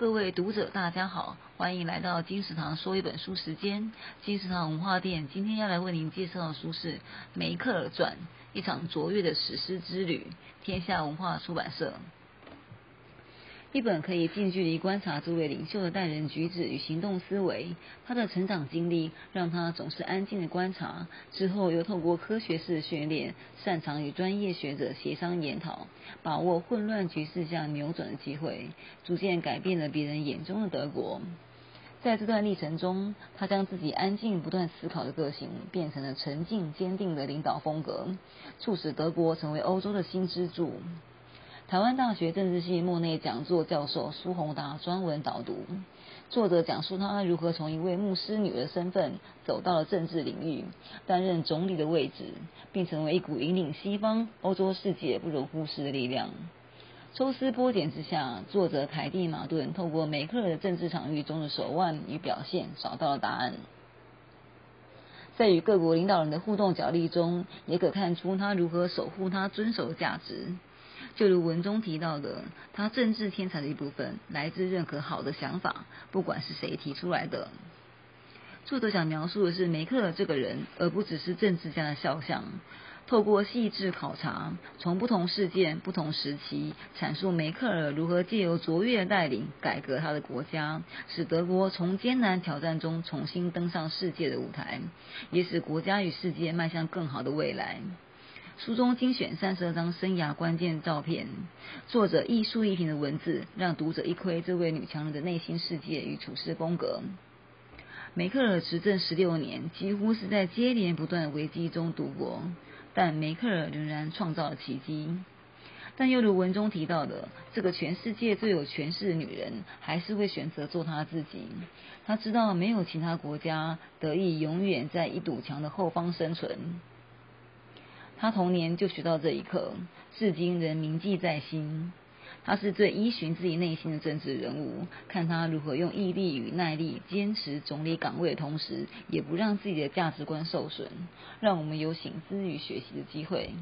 各位讀者，大家好，歡迎來到金石堂說一本書時間。金石堂文化店今天要來為您介紹的書是《梅克爾傳》，一場卓越的史詩之旅，天下文化出版社。一本可以近距離觀察這位領袖的待人舉止與行動思維。他的成長經歷讓他總是安靜地觀察，之後又透過科學式的訓練，擅長與專業學者協商研討，把握混亂局勢下扭轉的機會，逐漸改變了別人眼中的德國。在這段歷程中，他將自己安靜、不斷思考的個性變成了沉靜堅定的領導風格，促使德國成為歐洲的新支柱。臺灣大學政治系莫內講座教授蘇宏達專文導讀，作者講述他如何從一位牧師女兒身份走到了政治領域，擔任總理的位置，並成為一股引領西方歐洲世界不容忽視的力量。抽絲剝繭之下，作者凱蒂馬頓透過梅克爾的政治場域中的手腕與表現，找到了答案。在與各國領導人的互動角力中，也可看出他如何守護他遵守的價值。就如文中提到的，他政治天才的一部分來自任何好的想法，不管是誰提出來的。作者想描述的是梅克爾這個人，而不只是政治家的肖像。透過細緻考察，從不同事件、不同時期，闡述梅克爾如何借由卓越帶領改革他的國家，使德國從艱難挑戰中重新登上世界的舞台，也使國家與世界邁向更好的未來。書中精選三十二張生涯關鍵照片，作者亦述亦評的文字，讓讀者一窺這位女強人的內心世界與處事風格。梅克爾執政十六年，幾乎是在接連不斷的危機中度過，但梅克爾仍然創造了奇蹟。但又如文中提到的，這個全世界最有權勢的女人，還是會選擇做她自己。她知道沒有其他國家得以永遠在一堵牆的後方生存。他童年就學到這一課，至今仍銘記在心。他是最依循自己內心的政治人物，看他如何用毅力與耐力堅持總理崗位的同時，也不讓自己的價值觀受損，讓我們有省思與學習的機會。